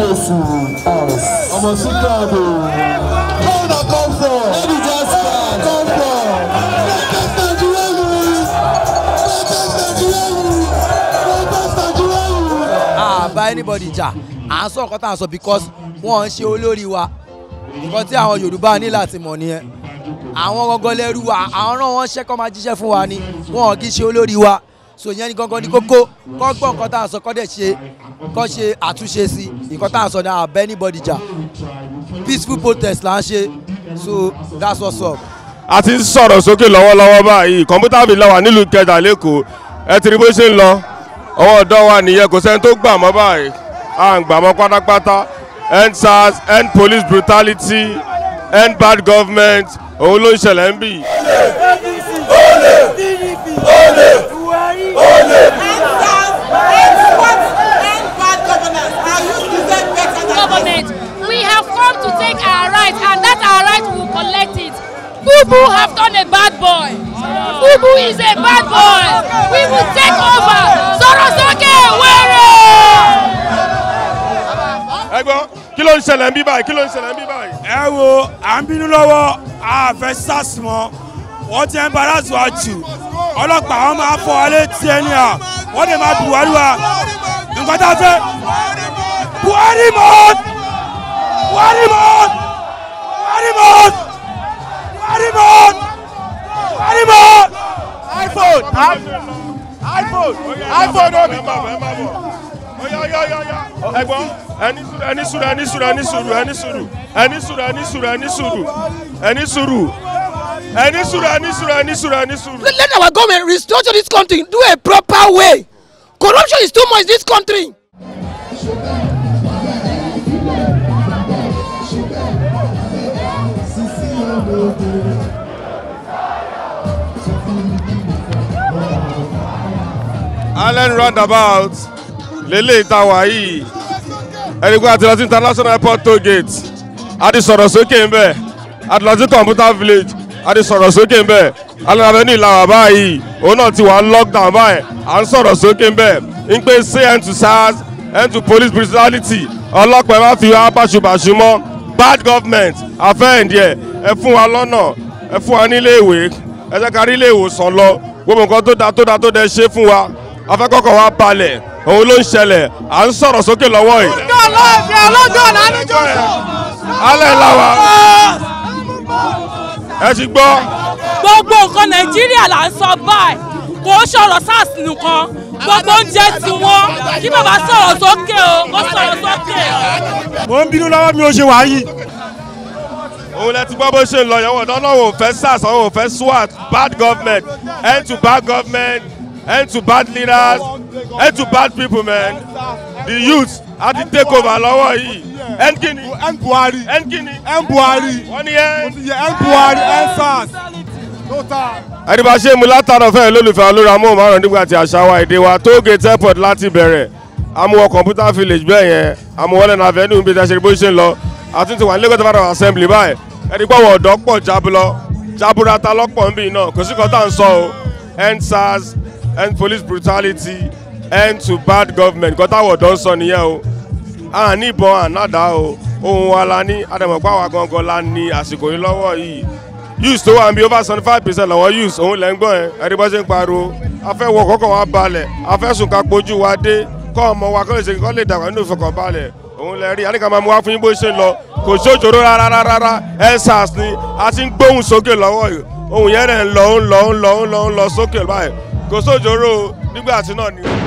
Adosu ah, ọmọ Sikadu. Bọ́ọ̀nà kọ́fọ̀. Ẹbí Jasper. Kọ́fọ̀. Àbá anybody jà, à ń sọ nǹkan I à ń sọ because wọ́n ń ṣe olórí wa. Nǹkan tí àwọn Yorùbá ní láti mọ̀ nìyẹn. Àwọn gangan lẹ́rú wa, àwọn náà wọ́n ṣẹ́kọ́ máa jíṣẹ́ fún wa ni, wọ́n kì í ṣe olórí wa. So yẹn ni gangan ní kókó, kọ́ gbọ́ nǹkan tá à ń sọ kọ́ dẹ̀ ṣe kọ́ ṣe àtúnṣe sí nǹkan tá à sọ ní àbẹ́ anybody jà peaceful protest là ń ṣe so that's what's up. a ti ń sọ̀rọ̀ sókè lọ́wọ́lọ́wọ́ báyìí kọ̀ǹpútà mi lọ́wọ́ nílùú kẹjà lẹ́kọ̀ọ́ ẹ ti rí bó ṣe ń lọ ọwọ́ ọ̀dọ́ wa nìyẹn kò sẹ́ni tó gbà mọ́ báyìí à ń gbà mọ́ pátápátá end SARS end police brutality end bad government òun ló ń ṣẹlẹ̀ ń bì. our right and that our right we will collect it. Bubu have done a bad boy. Bubu is a bad boy. We will take over. Sorosoke Were. Ẹ gbọ́, kí ló ń ṣẹlẹ̀ ń bí báyìí? Kí ló ń ṣẹlẹ̀ ń bí báyìí? Ẹ wo, à ń bínú lọ́wọ́, a fẹ́ sars mọ́, wọ́n ti ń bara zuwa jù, ọlọ́pàá wọn máa fọ alẹ́ tiẹ̀ ní à, wọ́n lè máa Buhari wa, nǹkan tá a fẹ́. Buhari mọ́! Buhari mọ́! Farimot! Farimot! Farimot! iPhone! iPhone! iPhone ò bí kọ́. Ẹ̀gbọ́n ẹni sùúrù ẹni sùúrù ẹni suru, ẹni suru! ẹni sùúrù ẹni suru, ẹni suru! ẹni sùúrù ẹni sùúrù ẹni sùúrù ẹni sùúrù ẹni sùúrù. Let our government restructure this country do a proper way. Corruption is too much in this country. Allen roundabout lélẹ̀ ìtawà yìí ẹni pé àti lọ international airport toll gate a ti sọ̀rọ̀ sókè ń bẹ̀ a computer village a ti sọ̀rọ̀ sókè ń bẹ̀ alárabẹ́ ní ìlàwà báyìí òun náà ti wà ń lockdown báyìí à ń sọ̀rọ̀ sókè ń bẹ̀ ń pé say end to SARS end to police brutality ọlọ́pàá ẹ má fi wá báṣubàṣu mọ́ bad government àfẹ́ǹdì ẹ̀ ẹ fún wa lọ́nà ẹ fún wa nílé ìwé ẹ jẹ́ ká rí ilé ìwòsàn lọ gbogbo nǹkan tó da tó da tó dẹ ṣe fún wa afẹ́kọ̀kọ̀ wa balẹ̀ òun ló ń ṣẹlẹ̀ à ń sọ̀rọ̀ sókè lọ́wọ́ yìí. ọjọ́ ọlọ́ọ̀fẹ́ ọlọ́jọ́ làánújọ́ sọ. alẹ́ làwà ẹ ti gbọ́. gbogbo nǹkan nàìjíríà là ń sọ báyìí kò sọ̀rọ̀ sars nìkan gbogbo oúnjẹ tiwọn kí bàbá sọ̀rọ̀ sókè o kó sọ̀rọ̀ sókè o. mo ń bínú lọ́wọ́ mi ò ṣe wàá yìí òun lẹ ti gbọ́ bó ṣe lọ yẹn wọ̀n náà wò fẹ́ sars àwọn wò fẹ́ swat bad government end to bad government And to bad leaders and to bad people man the youth a ti take over lọ́wọ́ yìí end kini and Buhari and kini and Buhari wọ́n ní end end Buhari end SARS ẹni bá ṣe mu látara fẹ́ lólùfẹ́ olórí amóhùnmáwòrán nígbà tí àṣà wa èdè wa tóògèètì airport láti bẹ̀rẹ̀ amúwọ computer village bẹ́ẹ̀ yẹn amúwọlẹ́nu avenue bíi tẹ́sẹ̀ bó ṣe ń lọ àtúntò wà ní Lagos federal assembly báyìí ẹni pọ̀ wọ̀ ọ̀dọ́ pọ̀ jábúlọ jaburata lọ́pọ̀ ń bì náà kò sí kan tá à ń sọ o sars end police brutality end to bad government nǹkan táwọn ọ̀dọ́ ń sọ nìyẹn o à ní ìbọn ànádà o ohun wa la ní àdàmọ̀pá wa gangan la ní àsìkò yìí lọ́wọ́ yìí use tó wà níbi over seventy five percent làwọn use òun lẹ́ ń gbọ́n ẹ ẹni bọ́ ṣe ń pariwo afẹ́ wọ kọ́kọ́ wa balẹ̀ afẹ́ sùn ká pojú wa dé kọ́ ọmọ wa kọ́ lè ṣe kọ́ lè dàgbà nínú ìfọkànbalẹ̀ òun lẹ rí àníkà máa mú wá fún yín bó ṣe ń lọ kò sójoro rárá rárá ensars ni a ti ń gbóhùn sókè lọ́wọ́ yìí ohun yẹn rẹ̀ ń lọ ń lọ ń lọ ń lọ sókè báyìí kò sójóró nígbà tí náà ni